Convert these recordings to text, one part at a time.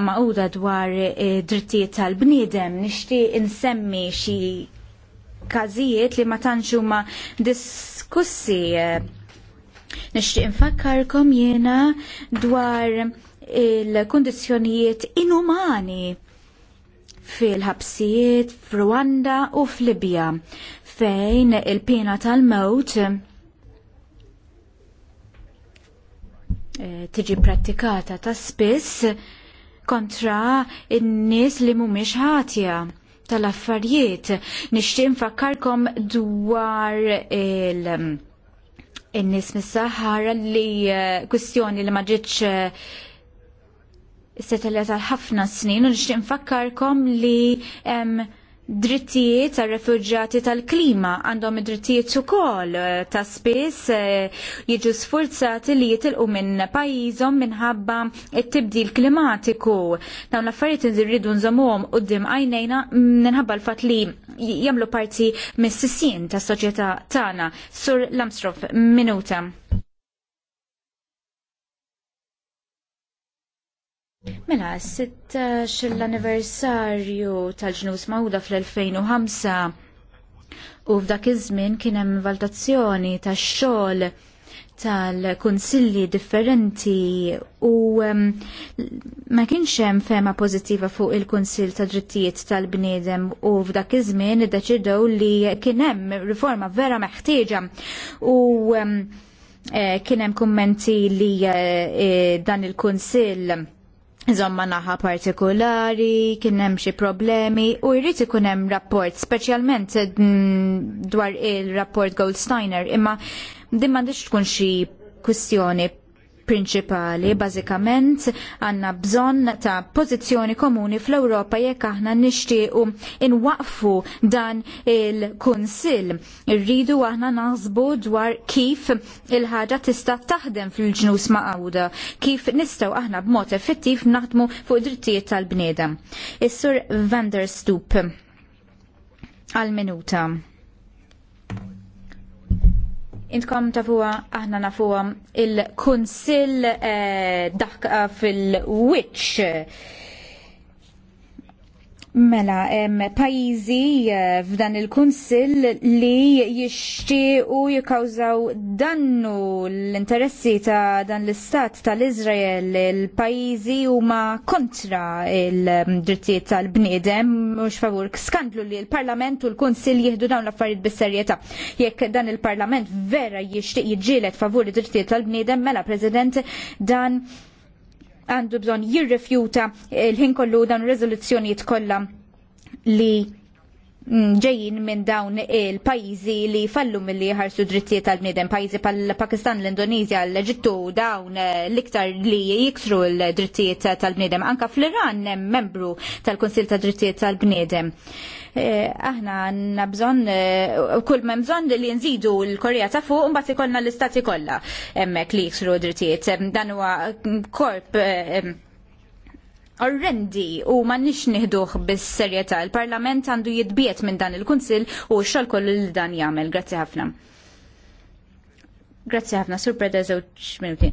maquda dwar eh, drittijiet tal-bniedem nixtieq insemmi xi każijiet li ma tantx huma diskussi. Nixtieq infakkarkom jiena dwar il-kundizzjonijiet inumani fil-ħabsijiet f'Rwanda u f'Libja fejn il-pena tal-mewt eh, tiġi prattikata ta' spiss kontra n-nies li mhumiex ħatja tal-affarijiet. Nixtieq fakkarkom dwar il- in-nies mis-saħħara li eh, kwistjoni li ma ġietx eh, settelet għal ħafna snin u nixtieq fakkarkom li hemm drittijiet tal refugġati tal-klima għandhom id-drittijiet ukoll eh, ta' spiss eh, jiġu sfurzati li jitilqu minn pajjiżhom minħabba t-tibdil klimatiku. Dawn l-affarijiet irridu nżommuhom quddiem għajnejna minħabba l-fatt li jagħmlu parti mis sissin tas-soċjetà tagħna. Sur Lamstrof, minuta. Mela, s eh, l-anniversarju tal-ġnus mawda fl-2005 u f'dak iż-żmien kien hemm valutazzjoni tax-xogħol tal-kunsilli differenti u ehm, ma kienx hemm fema pożittiva fuq il-Kunsill ta' Drittijiet tal-Bniedem u f'dak iż-żmien iddeċidew li kien hemm riforma vera meħtieġa u um, kien hemm kummenti li eh, dan il-Kunsill Zomma naħa partikolari, kien hemm xi problemi u jrid ikun hemm rapport, speċjalment mm, dwar il-rapport Goldsteiner, imma din m'għandix tkun xi kwistjoni prinċipali. Bażikament għandna bżonn ta' pożizzjoni komuni fl-Ewropa jekk aħna nixtiequ inwaqfu dan il-Kunsill. Irridu aħna naħsbu dwar kif il-ħaġa tista' taħdem fil-ġnus għawda, kif nistgħu aħna b'mod effettiv naħdmu fuq drittijiet tal-bniedem. Is-Sur Vanderstoop għal-minuta intkom tafuwa, aħna nafuwa, il-Kunsill eh, daħka eh, fil-Witch Mela, em, pajizi eh, f'dan il-Kunsil li jixtiequ jikkawżaw dannu l-interessi ta' dan l-Istat tal-Izrael il-pajizi huma kontra il-drittijiet tal-bniedem mhux favur skandlu li l-Parlament u l-Kunsil jieħdu dawn l-affarijiet bis-serjetà. Jekk dan il-Parlament vera jixtieq jiġġieled favur id-drittijiet tal-bniedem, mela President dan għandu bżonn jirrifjuta l-ħin kollu dan ir-riżoluzzjonijiet kollha li Mm, ġejjin minn dawn il-pajjiżi li fallu milli ħarsu drittijiet tal-bniedem, pajjiżi pal-Pakistan, l indonizja l-Eġittu, dawn eh, l-iktar li jiksru l-drittijiet tal-bniedem. Anka fl-Iran hemm membru tal-Kunsil ta' Drittijiet tal-Bniedem. Eh, aħna għanna bżonn eh, kull ma bżonn li nżidu l-Korea ta' fuq mbagħad ikollna l-istati kollha hemmhekk li jiksru drittijiet. Dan huwa korp orrendi u ma nix nihduħ bis-serjetà. Il-Parlament għandu jitbiet minn dan il-Kunsill u x-xogħol kollu li dan jagħmel. Grazzi ħafna. Grazzi ħafna, Sur Preda żewġ minuti.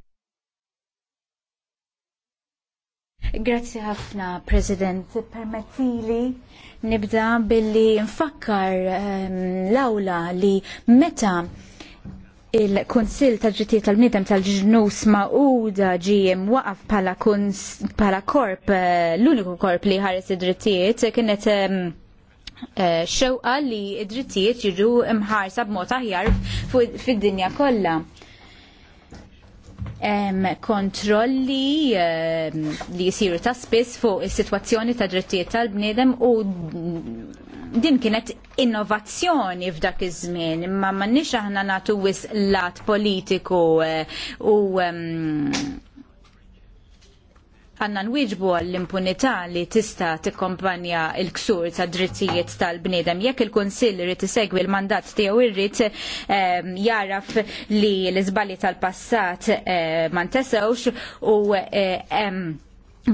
Grazzi ħafna, President. Permettili nibda billi nfakkar ehm, l-awla li meta il-Konsil ta' ġittijiet tal-bniedem tal-ġnus ma'uda ġie waqaf bħala korp, eh, l-uniku korp li ħares id-drittijiet kienet eh, xewqa li id-drittijiet jiġu mħarsa b'mod aħjar fid-dinja kollha kontrolli li jisiru ta' spiss fuq is-sitwazzjoni ta' drittijiet tal-bniedem u din kienet innovazzjoni f'dak iż-żmien, imma m'għandniex aħna nagħtu wis lat politiku eh, u għanna nwieġbu għall-impunità li tista tikkompanja il-ksur ta' drittijiet tal-bnedem. Jekk il kunsill irid isegwi l-mandat tiegħu irrid jaraf li l-iżbalji tal-passat eh, ma ntesewx u eh,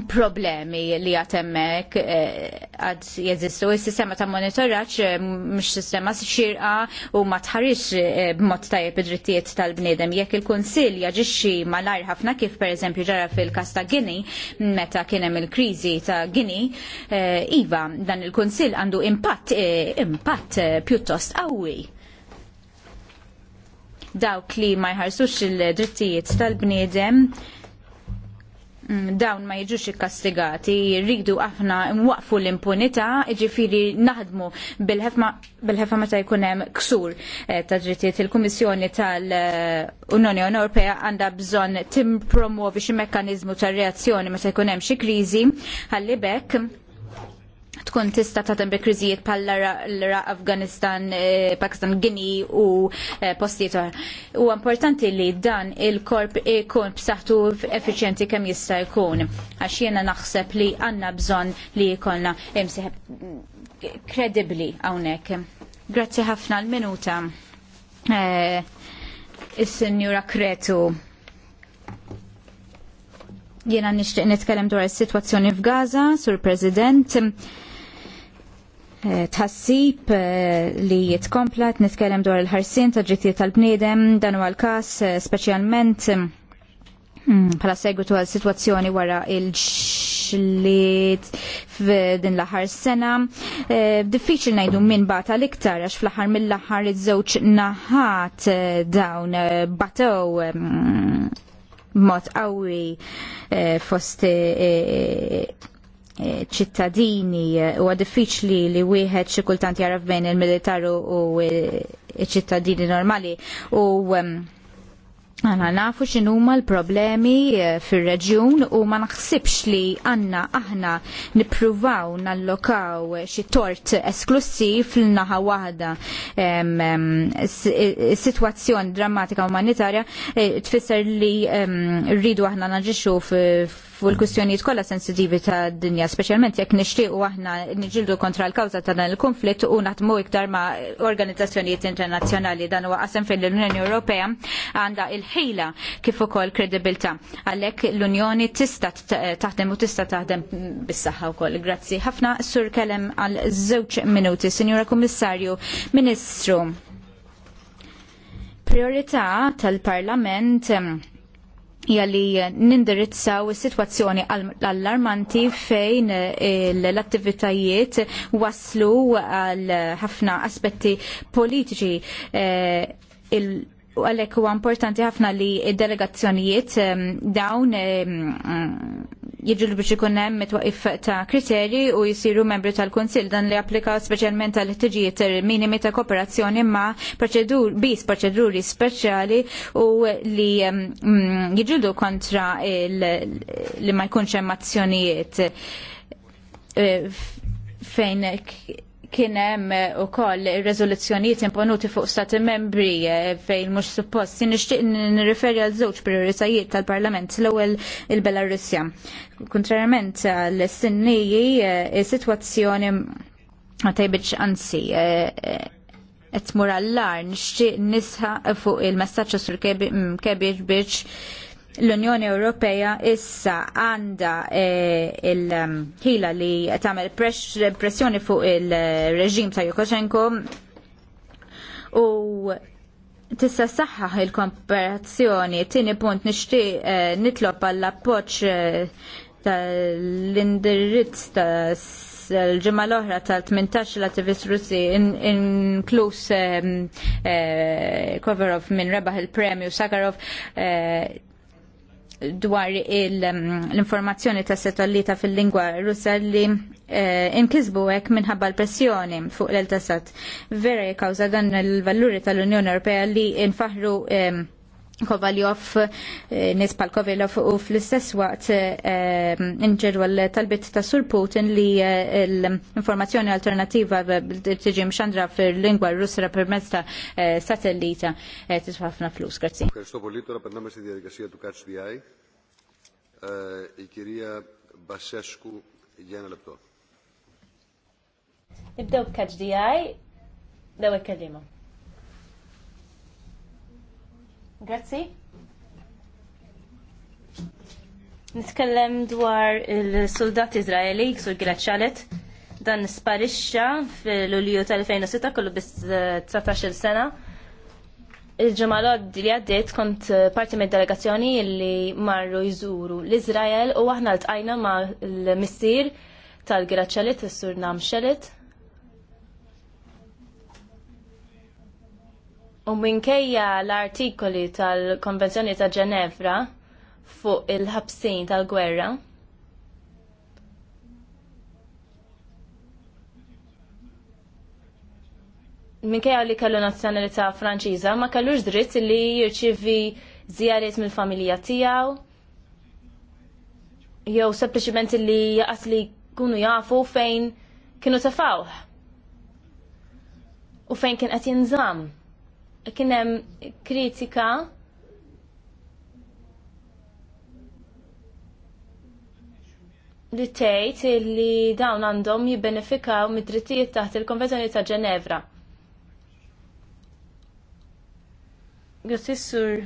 problemi li għatemmek eh, għad jeżistu. Il-sistema ta' monitoraċ eh, mux sistema xirqa u ma tħarix eh, b'mod tajjeb id-drittijiet tal-bnedem. Jekk il-Konsil jaġixxi malajr ħafna kif per eżempju ġara fil-kas ta' Gini, meta kienem il-krizi ta' Gini, iva dan il-Konsil għandu impatt, impatt pjuttost qawwi dawk li ma jħarsux il-drittijiet tal-bniedem Mm, dawn ma jiġux ikkastigati, jirridu aħna mwaqfu l-impunità, ġifiri naħdmu bil-ħefma meta jkun hemm ksur eh, ta' drittijiet il-Kummissjoni tal-Unjoni Ewropea għandha bżonn promuovi xi mekkaniżmu ta' reazzjoni meta jkun hemm xi kriżi ħalli bekk tkun tista' tagħtem bi kriżijiet bħal l-Iraq, Afganistan, eh, Pakistan, Gini u eh, postijiet oħra. U importanti li dan il-korp ikun b'saħħtu effiċjenti kemm jista' jkun għax jiena naħseb li għandna bżonn li jkollna imsieħeb kredibbli hawnhekk. Grazzi ħafna l-minuta. Eh, Is-Sinjura Kretu. Jiena nixtieq nitkellem dwar is-sitwazzjoni f'Gaza, Sur President. Eh, tħassib eh, li jitkompla nitkellem dwar il-ħarsin ta' ġittijiet tal-bniedem dan għal l-każ eh, speċjalment mm, bħala segwitu għal situazzjoni wara il-ġlied f'din l-aħħar sena. Diffiċil ngħidu min bata l-iktar għax fl-aħħar mill-aħħar iż-żewġ naħat dawn batew mm, mod qawwi fost ċittadini eh, huwa diffiċli li wieħed xi kultant jaraf bejn il-militaru u ċittadini normali u Għana nafu x'inhuma l-problemi eh, fir-reġjun u ma naħsibx li għanna aħna nippruvaw nallokaw xi tort esklusiv l-naħa waħda. Is-sitwazzjoni drammatika umanitarja eh, tfisser li rridu aħna naġixxu fuq l kwistjonijiet kollha sensitivi ta' dinja, speċjalment jekk nixtiequ aħna niġildu kontra l-kawża ta' dan il-konflitt u naħdmu iktar ma' organizzazzjonijiet internazzjonali dan huwa qasem fejn l-Unjoni Ewropea għandha il-ħila kif ukoll kredibilità. Għalhekk l-Unjoni tista' taħdem u tista' taħdem bis-saħħa wkoll. Grazzi ħafna sur kellem għal żewġ minuti, Sinjura Kummissarju, Ministru. Priorità tal-Parlament Jalli li nindirizzaw is-sitwazzjoni allarmanti fejn eh, l-attivitajiet waslu għal ħafna aspetti politiċi eh, u għalek huwa importanti ħafna li delegazzjonijiet eh, dawn jiġu biex ikun hemm mitwaqif ta' kriterji u jisiru membri tal-Kunsill dan li applika speċjalment għal ħtiġijiet minimi ta' kooperazzjoni ma' proċedur bis proċeduri speċjali u li mm, jiġildu kontra li ma jkunx hemm azzjonijiet eh, fejn kien hemm ukoll ir-reżoluzzjonijiet imponuti fuq stati membri eh, fejn mhux suppost. Nixtieq nirriferi għal żewġ prioritajiet tal-Parlament l-ewwel il-Belarusja. Kontrarjament għall-sinniji, eh, is-sitwazzjoni ma ansi eh, qed tmur all-LAR nixtieq nisħaq fuq il-messaġġ sur kebiex biex l-Unjoni Ewropea issa għandha eh, il-ħila um, li tagħmel pressjoni fuq il-reġim ta' Jukoshenko u tista' saħħaħ il-komparazzjoni. Tieni punt nixtieq eh, nitlob għall-appoġġ eh, tal-indirizz ta' l-ġimma l-oħra tal-18 l-attivist russi inkluż Kovarov minn rebaħ il-premju Sakarov dwar um, l-informazzjoni ta' setallita fil-lingwa russa li eh, inkisbu hekk minħabba l-pressjoni fuq l-eltasat. Vera jkawza dan il-valluri tal-Unjoni Ewropea li nfaħru Kovaljov eh, nispal Kovaljov u fl-istess waqt eh, inġeru l-talbit ta' Sur Putin li eh, l-informazzjoni alternativa tiġi mxandra fil-lingwa r russra permezz ta' satellita t tisfafna flus. Grazie. Kristo Polito, Τώρα si στη tu του Catch the Eye. Η κυρία Μπασέσκου για ένα λεπτό. Ibdew Catch the Eye, daw Grazzi. Nitkellem dwar il-soldat Izraeli ksur Gilad dan sparixxa fil-Lulju tal-2006 kollu bis 19 eh, sena. il ġemalod li għaddiet kont parti me delegazzjoni li marru jżuru l-Izrael u aħna l-tqajna ma' l-missir tal-Gilad Shalit, s-sur Nam Xalet. U minkejja l-artikoli tal-Konvenzjoni ta' Ġenevra fuq il-ħabsin tal-gwerra, minkejja li kellu nazzjonalità Franċiża ma kellux dritt li jirċivi zjariet mill-familja tiegħu jew sempliċiment li jaqas li kunu jafu fejn kienu tafawħ u fejn kien qed jinżamm kien hemm kritika li tgħid li dawn għandhom jibbenefikaw mid-drittijiet taħt il-Konvenzjoni ta' Ġenevra. Għasissur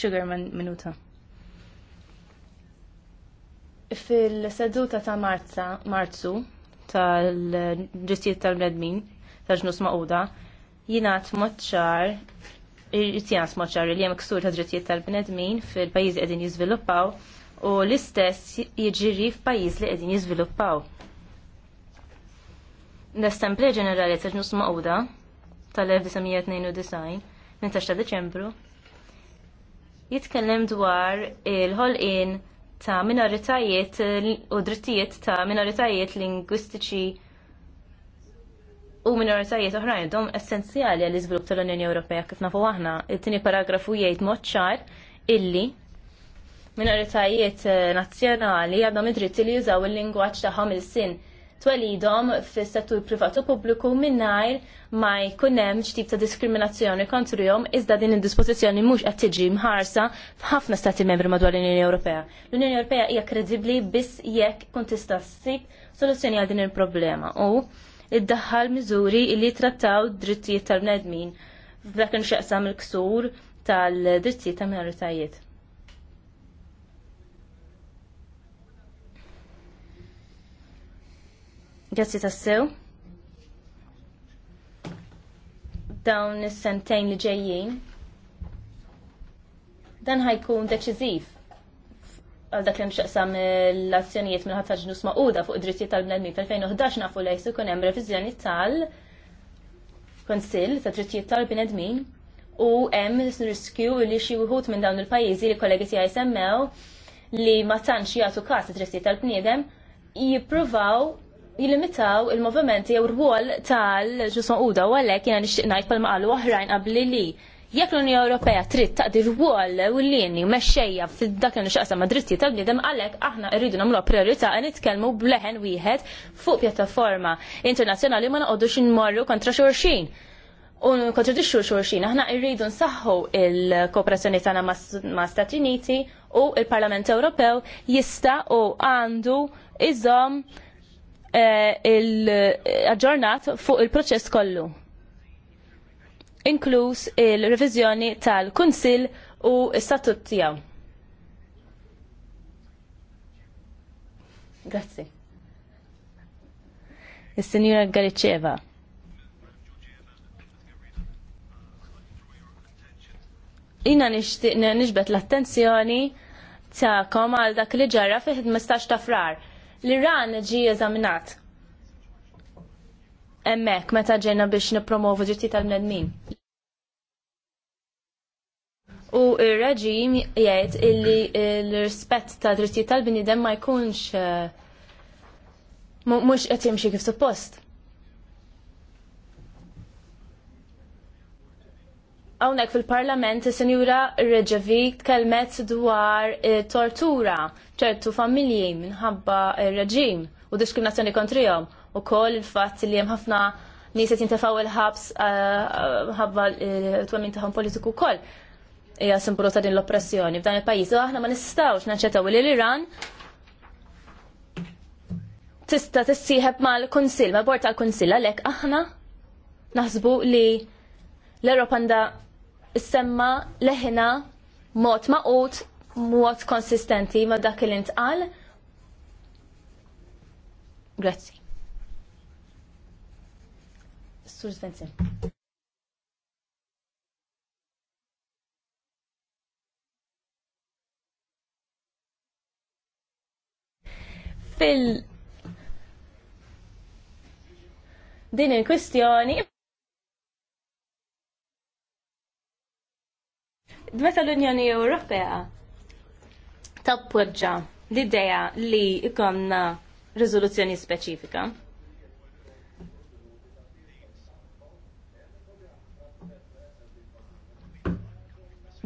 Sugarman minuta. Fil-seduta ta' Marzu tal-ġittijiet tal-bnedmin, tal-ġnus ma' jingħat moċċar jingħat moċċar li hemm ksur ta' drittijiet tal-bnedmin fil-pajjiżi qegħdin jiżviluppaw u l-istess jiġri f'pajjiż li qegħdin jiżviluppaw. L-Assemblea Ġenerali ta' ġnus Maqda tal-1992 minn ta' Deċembru jitkellem dwar il-ħolqien ta' minoritajiet u drittijiet ta' minoritajiet lingwistiċi u minoritajiet oħra dom essenzjali għall iżvilupp tal-Unjoni Ewropea kif nafu aħna. It-tieni paragrafu jgħid mod ċar illi minoritajiet eh, nazzjonali għandhom id-dritt li jużaw il-lingwaġġ tagħhom il-sin twelidhom fis-settur privat u pubbliku mingħajr ma jkun hemm x'tip ta' diskriminazzjoni kontrihom iżda din id-dispożizzjoni mhux qed tiġi mħarsa f'ħafna stati membri madwar l-Unjoni Ewropea. L-Unjoni Ewropea hija kredibbli biss jekk kun tista' ssib soluzzjoni għal din il-problema u iddaħħal miżuri li trattaw drittijiet tal-bnedmin f'dak inxaqsam il-ksur tal-drittijiet ta' minoritajiet. Grazzi tassew. Dawn is-sentejn li ġejjin. Dan ħajkun deċiżiv għal dak li mxaqsam eh, l-azzjonijiet minn ħatta ġnus maquda fuq id dritti tal-bnedmin fil-2011 nafu li jsu kun hemm reviżjoni tal konsil ta' drittijiet tal-bnedmin u hemm riskju li xi wħud minn dawn il-pajjiżi li kollegi tiegħi semmew li ma tantx jagħtu każ id-drittijiet tal-bniedem jippruvaw jilimitaw il-movimenti jew rwol tal ġusma u għalhekk jiena nixtieq ngħid palma qalu oħrajn qabli li Jekk l-Unjoni Ewropea trid taqdi rwol lieni mexxejja f'dak li nixqasam ma' dritti tal-bniedem għalhekk aħna rridu nagħmlu priorità nitkellmu bleħen wieħed fuq pjattaforma internazzjonali ma noqogħdux inmorru kontra xulxin. U kontradixxu xurxin, aħna rridu nsaħħu il-kooperazzjoni tagħna ma' Stati Uniti u il-Parlament Ewropew jista' u għandu iżom eh, il-aġġornat fuq il-proċess kollu inkluż il-reviżjoni tal-Kunsill u s-statut tiegħu. Grazzi. Is-Sinjura Galiċeva. Ina nixbet l-attenzjoni ta' għal dak li ġara fi 15 ta' frar. L-Iran ġi eżaminat emmek meta ġejna biex nipromovu ġitti tal-bnedmin. U il reġim jgħid illi l-rispett ta' drittijiet tal-bniedem ma jkunx eh, mhux qed jimxi kif suppost. Hawnhekk fil-Parlament is-Sinjura Reġevik tkellmet dwar eh, tortura ċertu familji minħabba ir-reġim u diskriminazzjoni kontrihom u koll il-fat li jem ħafna niset jintefaw il-ħabs eh, eh, ħabba t-twemmin taħom politiku koll hija simbolu ta' din l-oppressjoni f'dan il pajis U aħna ma nistgħux naċċettaw li l-Iran tista' tissieħeb mal-Kunsill, mal-Bord tal-Kunsill għalhekk aħna naħsbu li l-Ewropa għandha semma leħina mod maqut, mod konsistenti ma' dak li ntqal. Grazzi. Sur Svensson. Fil din il kwestjoni meta l-Unjoni Ewropea tappoġġa l-idea li ikonna riżoluzzjoni speċifika.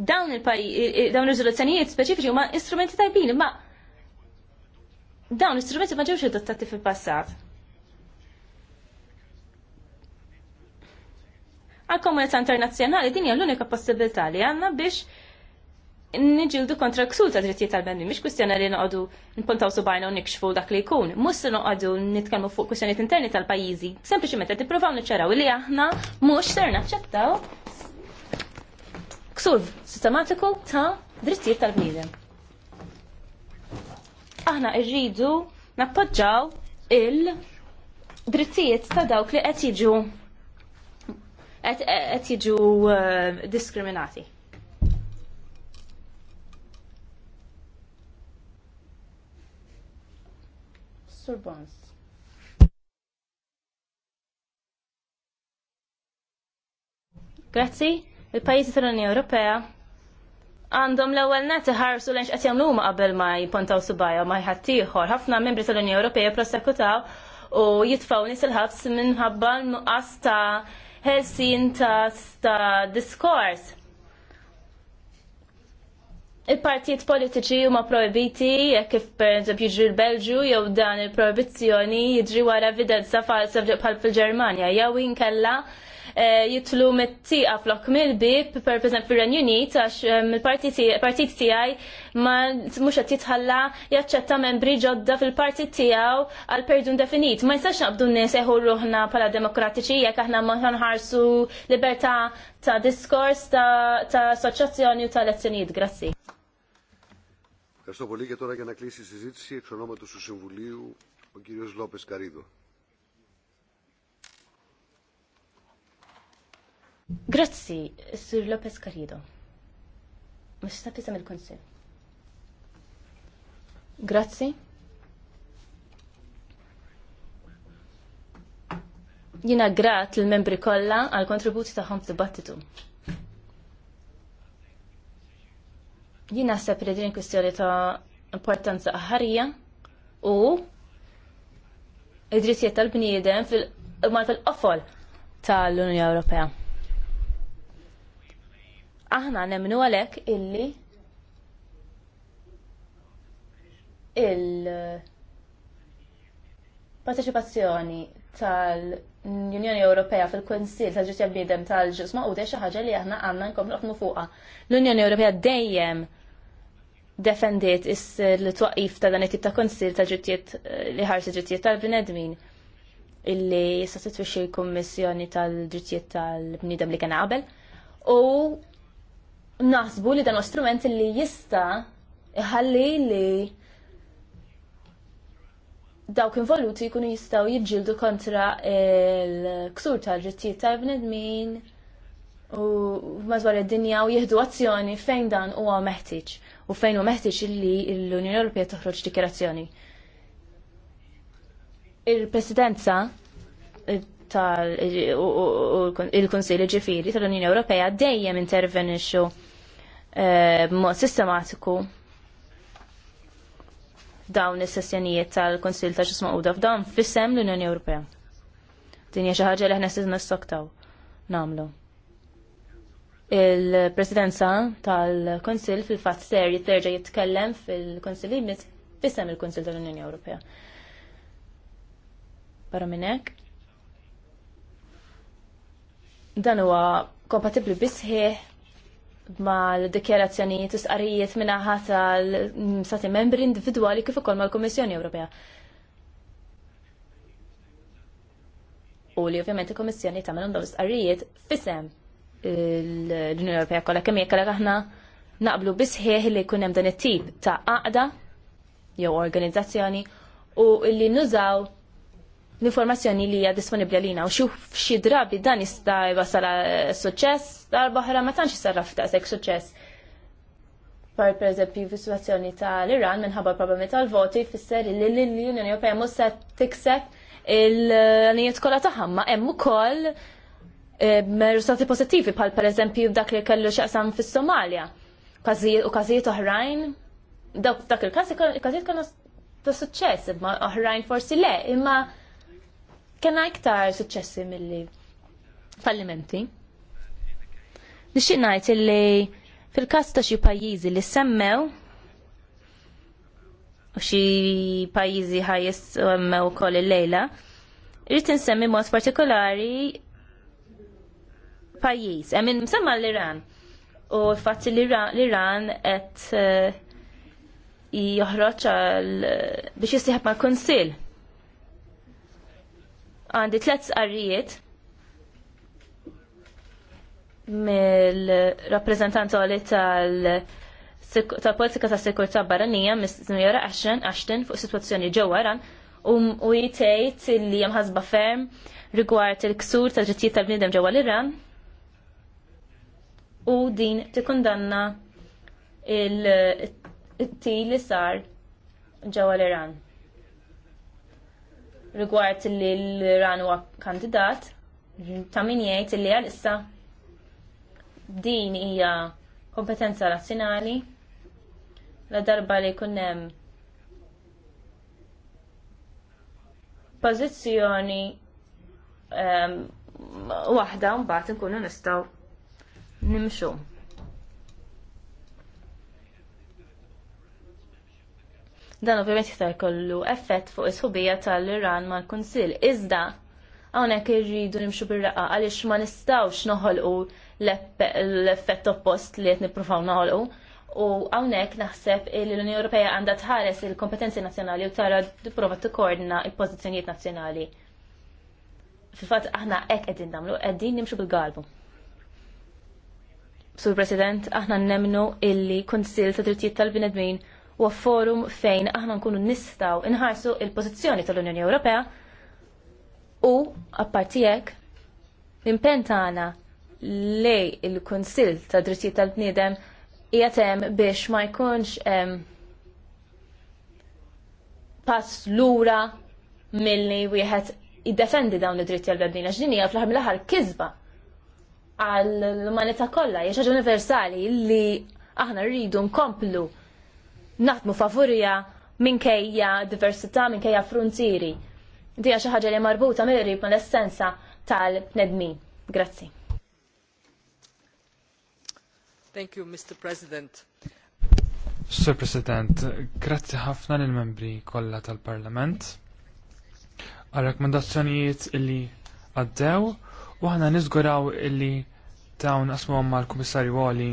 dawn il-pajjiż dawn il riżoluzzjonijiet speċifiċi huma istrumenti tajbin, ma dawn l-istrumenti ma ġewx adottati fil-passat. Għal-komunità internazzjonali din hija l-unika possibilità li għandna biex niġildu kontra ksul ta' drittijiet tal bendi mhix kwistjoni li noqogħdu npuntaw subajna u nikxfu dak li jkun. Mhux se noqogħdu nitkellmu fuq kwistjonijiet interni tal-pajjiżi, sempliċiment qed nippruvaw niċċaraw li aħna mhux ser naċċettaw ksur sistematiku ta' drittijiet tal-bniedem. Aħna rridu nappoġġaw il-drittijiet ta' dawk li qed jiġu qed jiġu eh, diskriminati. Surbons. Grazzi il-pajjiżi tal-Unjoni Ewropea għandhom l-ewwel net iħarsu lejn x'qed jagħmlu huma qabel ma jippontaw subajja ma jħadd ieħor. Ħafna membri tal-Unjoni Ewropea prosekutaw u jitfgħu nies il-ħabs minħabba nuqqas ta' ħelsin ta' diskors. Il-partijiet politiċi huma proibiti jekk kif pereżempju jiġri l-Belġu jew dan il-proibizzjoni jiġri wara evidenza falsa bħal fil-Ġermanja jew inkella kella Eh, jitlu mit-tieqa flok mil bib per eżempju Unit, għax eh, il-partit tiegħi ma mhux qed jitħalla jaċċetta membri ġodda fil-partit tiegħu għal perdu definit. Ma jistax naqbdu neseħu ruħna pala demokratiċi jekk aħna ma ħarsu libertà ta' diskors ta' assoċjazzjoni u ta' lezzjonijiet. Grazzi. Ευχαριστώ πολύ και τώρα για να κλείσει η συζήτηση εξ ονόματος του Συμβουλίου ο κύριος Λόπες Καρίδο. Grazzi, Sir Lopez Carido. Mux ta' pisam il-konsil. Grazzi. Jina grat l-membri kolla għal kontributi taħħom dibattitu. Jina sepp li din kwestjoni ta' importanza ħarija u id-drittijiet tal-bniedem fil-qofol tal-Unjoni Ewropea. Aħna nemmnu għalhekk illi il partecipazzjoni tal-Unjoni Ewropea fil-Kunsil tal-ġitja bidem tal-ġisma u deċa ħaġa li aħna għandna nkomplu ħafna fuqha. L-Unjoni Ewropea dejjem defendiet is-twaqif ta' dan it-tip ta' konsil tal-ġittijiet li ħarsi ġittijiet tal-bnedmin illi jista' titwixxi l-Kummissjoni tal-ġittijiet tal-bniedem li kien qabel. U naħsbu li dan strument li jista iħalli li dawk involuti jkunu jistaw jidġildu kontra il-ksur tal-ġittijiet tal-bnedmin u mażwar id-dinja u jihdu azzjoni fejn dan huwa meħtieġ u fejn u meħtieġ li l-Unjoni Ewropea toħroġ dikjerazzjoni. Il-Presidenza tal-Konsil ġifiri tal-Unjoni Ewropea dejjem intervenixxu Eh, mod sistematiku dawn is-sessjonijiet tal-Konsil ta' ġisma' u f'dawn sem l-Unjoni Ewropea. Din hija xi ħaġa li aħna se nistoktaw nagħmlu. Il-Presidenza tal-Konsil fil-fatt ser jitterġa' jitkellem fil-Konsil fis-sem il-Konsil tal-Unjoni Ewropea. Barra minn hekk. Dan huwa kompatibbli bisħieħ mal-dikjerazzjonijiet u minna ħata l-sati membri individwali kif ukoll mal-Kummissjoni Ewropea. U li ovvjament il-Kummissjoni tagħmel dawn l-istqarrijiet fisem l-Unjoni Ewropea kollha kemm jekk aħna naqblu bisħieħ li jkun hemm dan it-tip ta' qaqda jew organizzazzjoni u li nużaw l-informazzjoni li hija disponibbli lina u xi drabi dan jista' jwasal suċċess darba oħra ma tantx sarraf daqshekk suċċess. Par pereżempju fis-sitwazzjoni tal-Iran minħabba problemi tal-voti fisser li l-Unjoni Ewropea mhux se tikseb il-nijiet kollha tagħha ma hemm ukoll eh, riżultati pożittivi bħal pereżempju dak li kellu x'aqsam fis-Somalja. U każijiet oħrajn dak il-każijiet kellna ta' suċċess imma oħrajn forsi le, imma kena iktar suċċessi mill-li fallimenti. Nixtieq ngħid illi fil kas ta' xie pajizi li semmew u xi pajjiżi ħajjes semmew ukoll il-lejla, irrid nsemmi mod partikolari pajiz. Emin msemma l-Iran u fatt l-Iran et eh, joħroġ biex jisieħab mal-Kunsill għandi tlet sqarrijiet mill-rappresentant għali tal tal-politika ta' sekurtà barranija mis-Sinjora Ashton fuq situazzjoni ġewwa Iran um, u jitejt li hemm ħasba ferm rigward il-ksur ta' drittijiet tal-bniedem ġewwa l-Iran u din tikkundanna il-til li sar ġewwa l-Iran rigward li l ran huwa kandidat, ta' min jgħid li għalissa din hija kompetenza nazzjonali la darba li jkun hemm pożizzjoni um, waħda mbagħad nkunu nistgħu nimxu. Dan ovvjament jista' jkollu effett fuq is-ħubija tal-Iran mal-Kunsill. Iżda hawnhekk irridu nimxu bir raqqa għaliex ma nistgħux noħolqu l-effett oppost li qed nippruvaw noħolqu. U hawnhekk naħseb li l-Unjoni Ewropea għandha tħares il-kompetenzi nazzjonali u tara tipprova tikkoordina l-pożizzjonijiet nazzjonali. Fil-fatt aħna hekk qegħdin nagħmlu, qegħdin nimxu bil-galbu. Sur President, aħna nemnu illi kunsill ta' Drittijiet tal-Bnedmin u forum fejn aħna nkunu nistaw inħarsu il-pozizjoni tal-Unjoni Ewropea u appartijek impentana lej il-Konsil ta' drittijiet tal-bniedem jgħatem biex ma jkunx pass lura milli wieħed jiddefendi dawn id-dritti għal-bnedmin għax din hija fl-aħħar mill-aħħar kisba għall-umanità kollha hija xaġa universali li aħna rridu nkomplu naħdmu favurija minkejja diversità, minkejja frontieri. Dija xi ħaġa li marbuta mill ma l essenza tal-nedmin. Grazzi. Thank you, Mr. President. Sir President, grazzi ħafna lill membri kollha tal-Parlament għal rakkomandazzjonijiet illi għaddew u ħana niżguraw illi dawn asmuhom mal-Kummissarju Oli.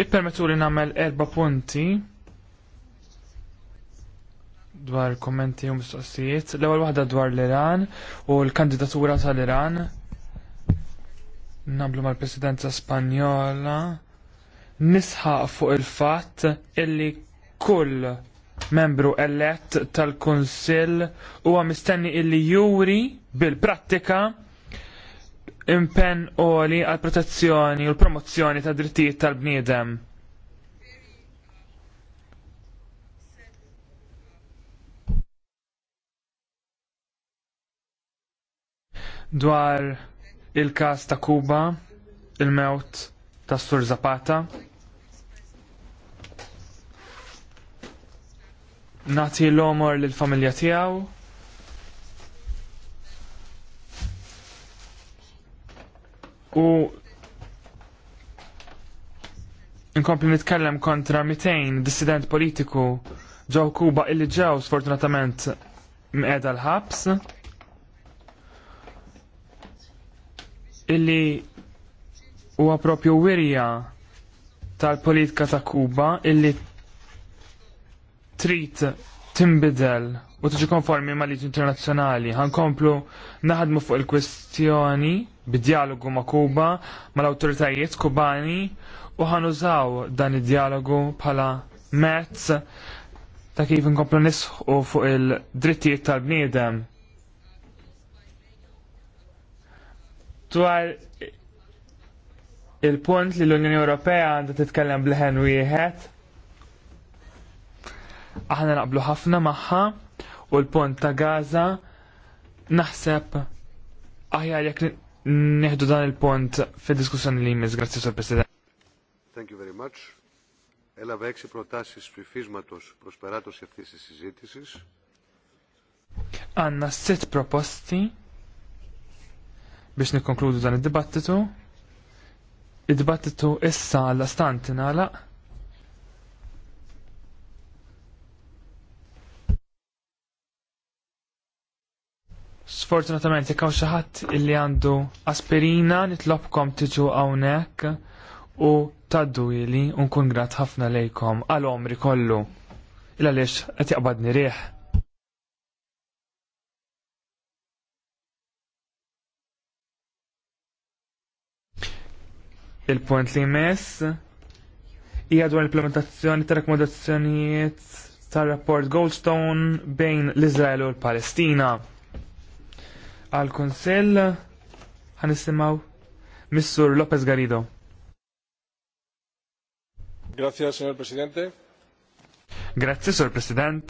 Ippermetu li nagħmel erba' punti dwar kommenti u mistoqsijiet. L-ewwel waħda dwar l-Iran u l-kandidatura tal-Iran. Nablu mal-Presidenza Spanjola nisħaq fuq il-fatt illi kull membru elett tal-Kunsill huwa mistenni illi juri bil-prattika impenn oli għal protezzjoni u l-promozzjoni ta' drittijiet tal-bniedem. dwar il-kas ta' Kuba, il-mewt ta' Sur Zapata. Nati l-omor l-familja tijaw. U nkompli nitkellem kontra 200 dissident politiku ġew Kuba illi ġew sfortunatament mqeda l-ħabs. illi huwa propju wirja tal-politika ta' Kuba illi trid timbidel u tiġi konformi ma' liġi internazzjonali. Ħankomplu naħdmu fuq il-kwestjoni bid-dialogu ma' Kuba, ma' l-autoritajiet kubani u ħanużaw dan id-dialogu bħala mezz ta' kif nkomplu nisħu fuq il-drittijiet tal-bniedem dwar il-punt li l-Unjoni Ewropea għandha titkellem bl-ħen bleħen wieħed. Aħna naqblu ħafna magħha u l-punt ta' Gaza naħseb aħjar jekk neħdu dan il-punt fid-diskussjoni li jmiss, grazzi Sur President. Thank you very much. Έλαβα έξι προτάσει ψηφίσματο προ περάτωση αυτή τη συζήτηση. Anna προπόστη biex nikkonkludu dan id-dibattitu. Id-dibattitu issa għalla stant nagħlaq. Sfortunatament jekk hawn xi ħadd illi għandu aspirina nitlobkom tiġu hawnhekk u taddu ili u nkun grat ħafna lejkom għal omri kollu. Illa għaliex qed jaqbadni rieħ. Il-punt li jmiss hija dwar implementazzjoni ta' rakkomandazzjonijiet tar rapport Goldstone bejn l-Izrael u l-Palestina. Għal konsill ħanissimaw Missur Lopez Garrido. Grazie, signor Presidente. Grazie, signor President.